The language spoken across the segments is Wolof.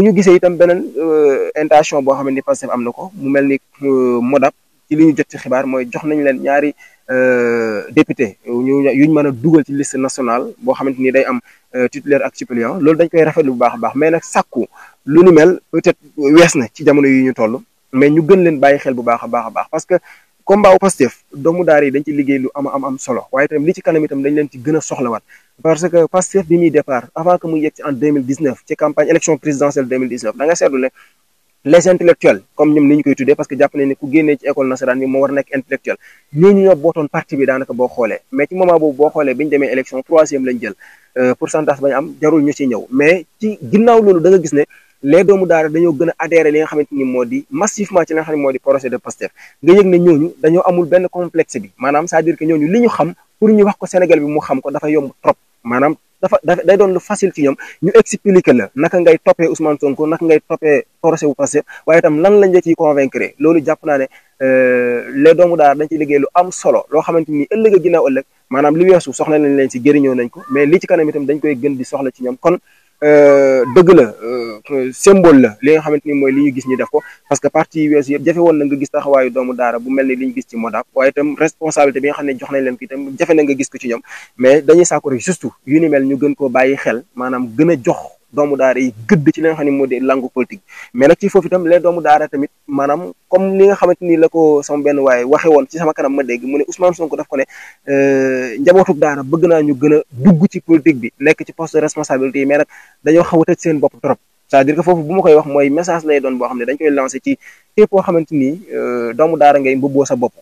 bu ñu gisee itam beneen euh, intention boo xam ne Pastef am na ko mu mel ni euh, Modap ci li ñu jot ci xibaar mooy jox nañu leen ñaari euh, député yu ñu yuñ mën a dugal ci liste national boo xamante ni day am titulaire ak suppléant loolu dañ koy rafetlu bu baax a baax mais nag sàkku lu nu mel peut-être wees na ci jamono yi ñu toll mais ñu gën leen bàyyi xel bu baax a baax a baax parce que combat wu Pastef doomu daara yi dañ ci liggéey lu am am am solo waaye itam li ci kanam itam dañ leen ci gën a soxlawaat parce que Pastef bi muy départ avant que muy yegg ci en 2019 ci campagne élection présidentielle 2019 da nga seetlu ne les intellectuels comme ñoom ni ñu koy tuddee parce que jàpp nañ ne ku génnee ci école nasaraan bi moo war nekk intellectuel ñooñu ñoo bootoon parti bi daanaka boo xoolee mais ci moment boobu bi ñu demee élection troisième lañ jël euh, pourcentage ba ñu am jarul ñu ci ñëw mais ci ginnaaw loolu da nga gis ne les doomu daara a adhéré li nga maanaam dafa day doon lu facile ci ñoom ñu expliquer na naka ngay toppee Ousmane Sonko naka ngay toppee procès wu passé waaye tam lan lañ la ciy convaincre loolu jàpp naa ne euh, les doomu daar dañ ci liggéey lu am solo loo xamante ni ëllëg a ginnaaw ëllëg maanaam li weesu soxla nañ leen si jëriñoo nañ ko mais li ci kanam itam dañ koy gën di soxla ci ñoom kon Euh, dëgg la euh, symbole la li nga xamante ni mooy li ñu gis ñu def ko parce que parti yi weesu yëpp jafe woon na nga gis taxawaayu doomu daara bu mel ni li ñu gis ci Modap waaye itam responsabilité bi nga xam ne jox nañ leen ko itam jafe na nga gis ko ci ñoom mais dañuy sàkku rek surtout yu ni mel ñu gën koo bàyyi xel maanaam gën jox doomu daara yi gëdd ci li xam ne moo di langue politique mais nag ci foofu itam leen doomu daara tamit maanaam comme li nga xamante ni la ko sama benn waaye waxe woon ci sama kanam ma dégg mu ne Ousmane Sonko daf ko ne euh, njabootu daara bëgg naa ñu gën dugg ci politique bi nekk ci poste de responsabilité yi mais nag dañoo xaw a tëj seen bopp trop cest dire que foofu bu ma koy wax mooy message lay doon boo xam ne dañ koy lancé ci képp koo xamante ni euh, doomu daara ngay mbubboo sa bopp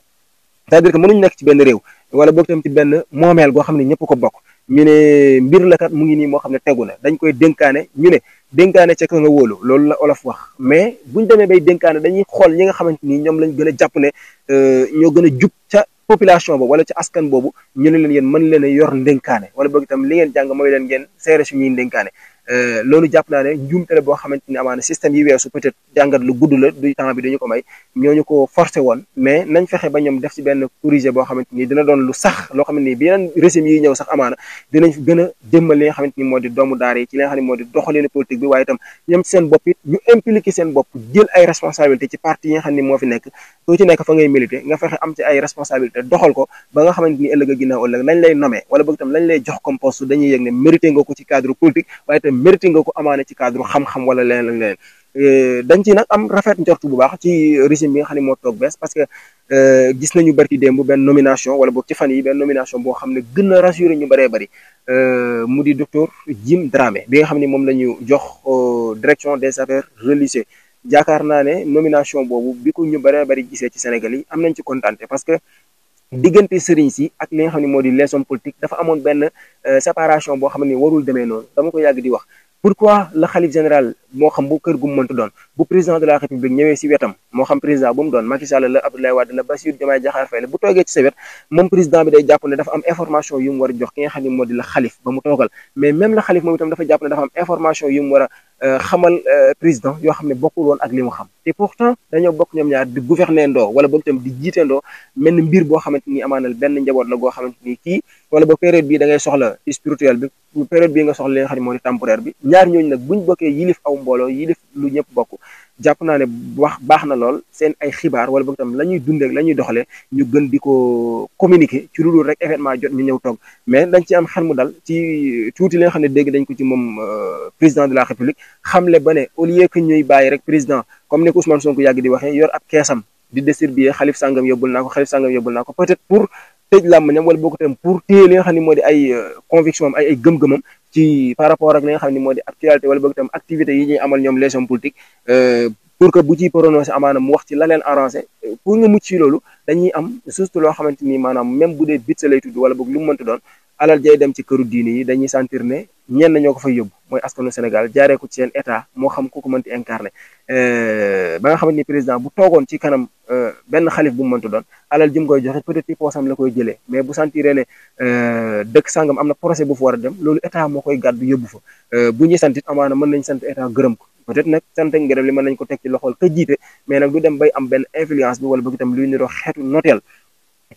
c'est-à-dire que mënuñ nekk ci benn réew wala boog tam ci benn moomeel goo xam ne ñëpp ko bokk ñu ne mbir la kat mu ngi nii moo xam ne tegu na dañ koy dénkaane ñu ne dénkaane ca ka nga wóolu loolu la olof wax mais buñ demee bay dénkaane dañuy xool ñi nga xamante ni ñoom lañ gën a jàpp ne euh, ñoo gën a jub ca population boobu wala ca askan boobu ñu ne leen yen mën leen a yor ndénkaane wala boog itam li ngeen jàng mooy leen ngeen seere suñuy ndénkaane Euh, loolu jàpp naa ne njuumte la boo xamante ni amaana système yi weesu peut-être jàngat lu gudd la du temps bi dañu ko may ñooñu ko forcé woon mais nañ fexe ba ñoom def ci benn corrigé boo xamante ni dina doon lu sax loo xamante ni beneen régime yi ñëw sax amaana dinañ gën a jëmmal li ni moo di doomu daara yi ci li nga xam ne moo di doxaleenu politique bi waaye itam ñoom seen bopp ñu impliqué seen bopp jël ay responsabilité ci parti yi nga xam ni moo fi nekk soo ci nekk fa ngay milité nga fexe am ci ay responsabilité doxal ko ba a ginnaaw ëllëg lañ lay nommer wala boog itam lañ mérité nga ko amaane ci cadre xam-xam wala leneen ak leneen euh, dañ ci nag am rafet njortu bu baax ci régime bi nga xam ne moo toog bees parce que euh, gis nañu barki démb benn nomination wala boog ci fan yi benn nomination boo xam ne gën na rassuré ñu bëree bëri euh, mu di docteur Jim Dramé bi nga xam ni moom la ñu jox direction des affaires religieuses jaakaar naa ne nomination boobu bi ko ñu bëree bari gisee ci Sénégal yi am nañ ci kontaan parce que diggante sëriñ si ak li nga xam ne moo di les hommes politiques dafa amoon benn euh, di wax pourquoi la moo xam bu kër doon moo xam président bu mu doon Macky Sall am information yu war a jox ki nga xam ne moo di la xalif ba mu toogal mais même la xalif moom itam dafa jàpp ne dafa am information yu mu a Euh, xamal euh, président yoo xam ne bokkul woon ak li mu xam te pourtant dañoo bokk ñoom ñaar di gouverner ndoo wala boog tam di jiite ndoo mel ni mbir boo xamante ni amaanal benn njaboot la goo xamante ni kii wala ba période bi dangay soxla spirituel bi bu période bii nga soxla li nga xam ne moo di temporaire bi ñaar ñooñ nag buñ bokkee yilif aw mbooloo yilif lu ñëpp bokk jàpp naa ne wax baax na lool seen ay xibaar wala boog tam la ñuy dundee la ñuy doxalee ñu gën di ko communiqué ci lu dul rek événement jot ñu ñëw toog mais dañ ci am xel mu dal ci tuuti li nga xam ne dégg dañ ko ci moom euh, président de la république xamle ba ne au lieu que ñuy bàyyi rek président comme ni ko Ousmane Sonko yàgg di waxee yor ab keesam di distribuer xalif sàngam yóbbul naa ko xalif sàngam yóbbul naa ko peut-être pour tëj làmmiñam wala boo ko tam pour téye li nga xam ne moo di ay euh, conviction ay gëm-gëmam ci par rapport ak li nga xam ne moo di actualité wala boo ko tam activité yi ñuy amal ñoom les hommes politiques euh, pour que bu ciy prononcé amaanaam mu wax ci la leen arrangé euh, pour nga mucc ci loolu dañuy am juste loo xamante ni maanaam même bu dee bit sa lay tudd wala boog lu mu mënta doon alal jay dem ci këru diini yi dañuy sentir ne ñenn ñoo ko fay yóbbu mooy askanu Sénégal jaaree ko ci seen état moo xam ku ko mënti incarné euh, ba nga xamante ni président bu toogoon ci kanam euh, benn xalif bu mu mënti doon alal jëm koy joxe peut-être ci poosam la koy jëlee mais bu sentiree ne euh, dëkk sangam am na projet bu fu war dem loolu état moo koy gàddu yóbbu fa bu ñuy sant it amaana mën nañ sant état gërëm ko. peut-être nag sant ak ngërëm li mën nañ ko teg ci loxol ka jiite mais nag du dem bay am benn influence bi wala bëgg itam luy xeetu noteel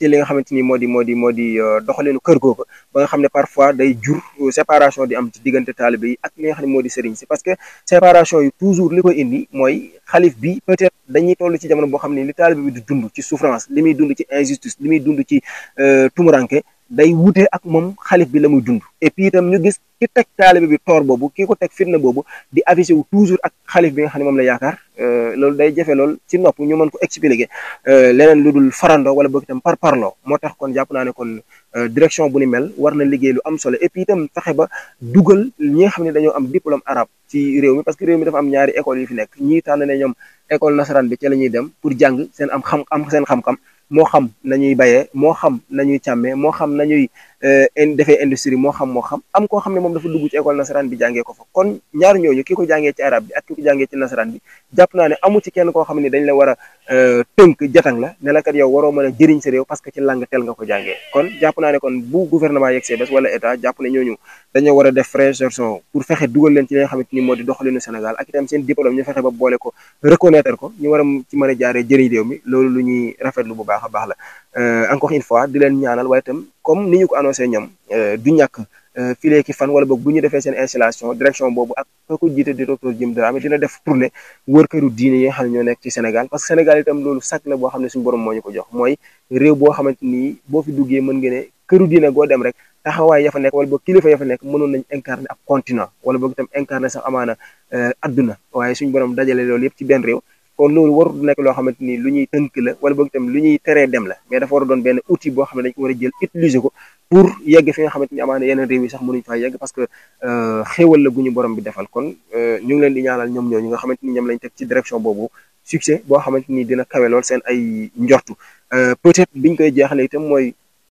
impacté li nga xamante ni moo di moo di moo di euh, doxaleenu kër googu ba nga xam ne parfois day jur euh, séparation di am ci diggante taalibe yi ak li nga xam ne moo di sëriñ si parce que séparation yi toujours li ko indi mooy xalif bi peut-être dañuy toll ci jamono boo xam ne li taalibe bi di dund ci souffrance li muy dund ci injustice li muy dund ci euh, tumuranke day wute ak moom xalif bi la muy dund et puis itam ñu gis ki teg taalibe bi toor boobu kii ko teg fitna boobu di avisé wu toujours ak xalif bi nga xam ne moom la yaakaar euh, loolu day jafe lool ci nopp ñu mën ko expliquer euh, leneen lu dul farando wala boog itam par parloo moo tax kon jàpp naa ne kon euh, direction bu ni mel war na liggéey lu am solo et itam fexe ba dugal ñi nga xam ne dañoo am diplôme arabe ci réew mi parce que réew mi dafa am ñaari école yu fi nekk ñii tànn ne ñoom école bi ca la ñuy dem pour jàng seen am xam am seen xam moo xam nañuy bayee moo xam nañuy càmmee moo xam nañuy Euh, defee industrie moo xam moo xam am koo xam ne moom dafa dugg ci école nasaraan bi jàngee ko fa kon ñaar ñooñu ki ko jàngee ci arab bi ak ki ko jàngee ci nasaraan amu ci kenn koo xam ne dañ la war a euh, tënk jatang la ne la kat a jëriñ sa réew parce que ci langue tel nga ko jàngee kon jàpp naa ne kon bu gouvernement yeeg see bés wala état jàpp ne ñooñu dañoo war a def recherche pour fexe dugal leen ci li nga xamante ni moo di doxalinu Sénégal ak itam seen diplôme ñu fexe ba boole ko reconnaître ko ñu war a ci mën a jaaree jëriñ réew mi loolu lu ñuy rafetlu bu baax a baax la Euh, encore une fois di leen ñaanal waaye itam comme ni ñu ko annoncé ñoom euh, du ñàkk euh, fi ki fan wala boog bu ñu defee seen installation direction boobu ak koo ko jiite di docteur Jim Dramé dina def tournée wër këru diine yi nga xam ñoo nekk ci Sénégal parce que Sénégal itam loolu sac la boo xam ne suñu borom moo ñu ko jox mooy réew boo xamante ni boo fi duggee mën nga ne këru diine goo dem rek taxawaay ya fa nekk wala boog kilifa ya fa nekk mënoon nañ incarner ab continent wala boog itam incarner amaana adduna waaye suñu borom dajale loolu yëpp ci benn réew kon loolu warut nekk loo xamante ni lu ñuy tënk la wala boog itam lu ñuy teree dem la mais dafa war a doon benn outil boo xam ne dañ ko war a jël utiliser ko pour yegg fi nga xamante ni yeneen réew yi sax mënuñu faa yegg parce que euh, xéewal la gu ñu borom bi defal kon euh, ñu ngi leen di ñaanal ñoom ñooñu nga xamante ni ñoom lañ teg ci direction boobu succès boo xamante ni dina kawe lool seen ay njortu euh, peut biñ koy jeexalee itam mooy.